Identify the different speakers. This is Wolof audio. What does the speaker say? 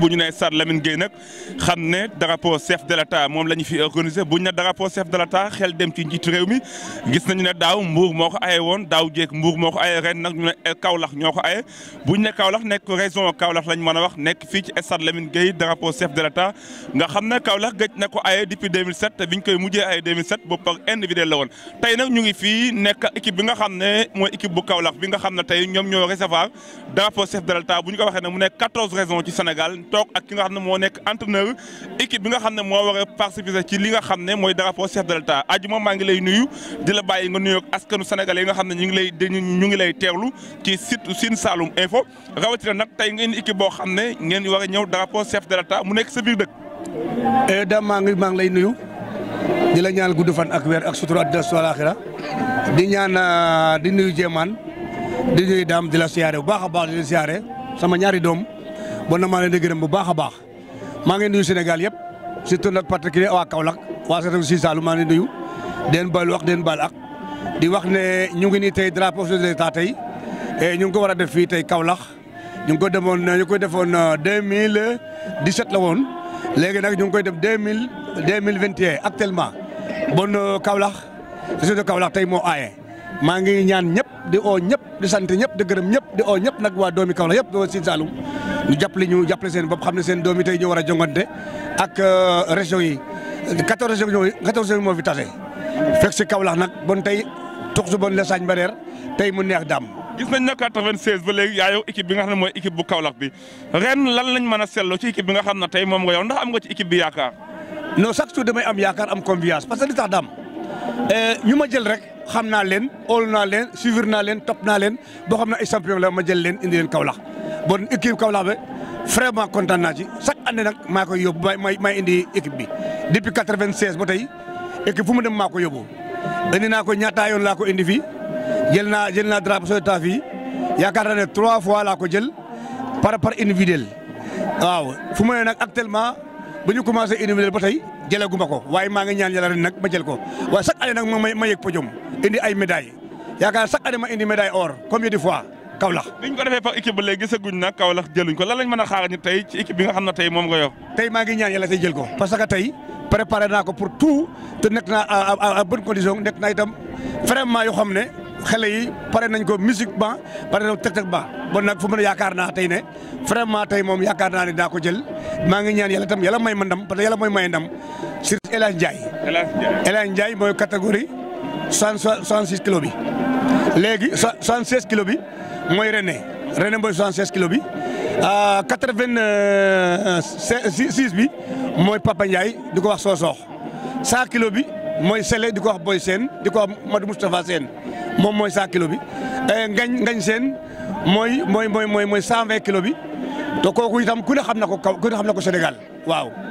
Speaker 1: bu ñu nee Lamine Gueye nak xam drapeau chef de l'État mom la fi organiser bu ñu drapeau chef de l'État xel dem ci njiitu rewmi gis nañu ne daw Mbour moko ayé won daw daaw jéeg Mbour moo ko aye ren nag ñu ne eh, Kaolack ñoko ayé aye bu ñu ne Kaolack nekk région Kaolack lañ mën wax nek fi ci Stade Lamine Gueye drapeau chef de l'État nga xam ne Kaolack gëj na ko depuis 2007 te biñ koy mujjé aye 2007 boobu par individuel la won tay nak ñu ngi fi nek équipe bi nga xam ne équipe bu Kaolack bi nga xam tay ñom ñoo recevoir drapeau chef de l'État bu ñu ko waxé nag mu nekk 14 raisons ci Sénégal tok ak ki nga xamne mo nek entraîneur équipe bi nga xamne mo wara participer ci li nga xamne moy drapeau chef de l'État ajuma ma ngi lay nuyu dila la nga nuyu ak askanu sénégalais nga xamne ñu ngi lay ñu ngi lay téglu ci site sin Saloum Info rawatina nak tay ngeen équipe bo xamne ngeen wara ñew drapeau chef de l'État mu nek sa biir dëkk. Eh, da ma ngi ma ngi lay nuyu dila
Speaker 2: la guddu fan ak wër ak sutura de su alaaxira di ñaan ah, di nuyu jeman di nuyu dam dila la bu baaxa baax di la sama ñaari dom bon na maa leen di gërëm bu baax a baax maa ngi nuyu Sénégal yëpp surtout nag particulier waa Kaolack waa Sénégal si Saalum maa ngi nuyu den baal wax den baal ak di wax ne ñu ngi nii tey drapeau chef de l'État tey eh, ñu ngi ko war a def fii tey Kaolack ñu ngi ko demoon ñu koy defoon 2017 euh, la woon léegi nag ñu ngi koy mille def 2000 2021 actuellement bon euh, Kaolack région de Kaolack tey moo aaye maa ngi ñaan ñëpp di oo ñëpp di sant ñëpp di gërëm ñëpp di oo ñëpp nag waa doomi Kaolack yëpp doo Sine Saalum ñu jàppale ñu jàppale seen bopp xam ne seen doom yi tey ñoo war a jongante ak région yi 14 régions yi 14 régions moo fi tase fekk si Kaolack nag bon tey tox su bon la Sagne Mbareer mu neex daam.
Speaker 1: gis nañ ne 96 ba léegi yaayoo équipe bi nga xam ne mooy équipe bu Kaolack bi ren lan lañ mën a seetloo ci équipe bi nga xam ne tey moom nga yow ndax am nga ci équipe bi yaakaar. non chaque jour damay am yaakaar am confiance parce que
Speaker 2: li tax daam euh, ñu rek xam naa leen óolu naa leen suivre naa leen topp naa leen boo xam ne ay ma jël leen indi leen Kaolack bon équipe Kaolack vraiment content naa ci chaque année nak mako yob yóbbu may may indi équipe bi depuis 96 ba tay équipe fu dem mako yobou yóbbu indi ko ñata yon la ko indi fi jël na jël na drapeau so ta fi yaakaar naa ne trois fois la ko jël par par individuel waaw fu nak actuellement buñu commencé individuel ba tey jëlaguma ko way ma nga ñaan yalla rek nak ma jël ko way chaque année nak ma may yëg podium indi ay médaille yaakaar chaque année ma indi médaille or
Speaker 1: combien de fois. Kaolack biñ ko defee par équipe ba léegi gisaguñ nag Kaolack jëluñ ko lan lañ mën a xaar tey ci équipe bi nga xam ne tey moom nga yor tey ko parce que tey préparé naa ko pour tout te nekk
Speaker 2: naa à bonne condition yoo xam ne xale yi pare nañ ko musiquement pare nañ ko techniquement nag fu mu naa tey ne vraiment tey moom yaakaar naa ne daa ko jël maa ngi ñaan yàlla itam yàlla may ma ndam parce que yàlla mooy may ndam sur El Hadj Ndiaye. El Hadj Ndiaye mooy catégorie 66 kilos bi. 116 kg, kg René René je 116 kg. kilos bi kg, euh, Papa 100 bi bi Sénégal